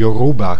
Yoruba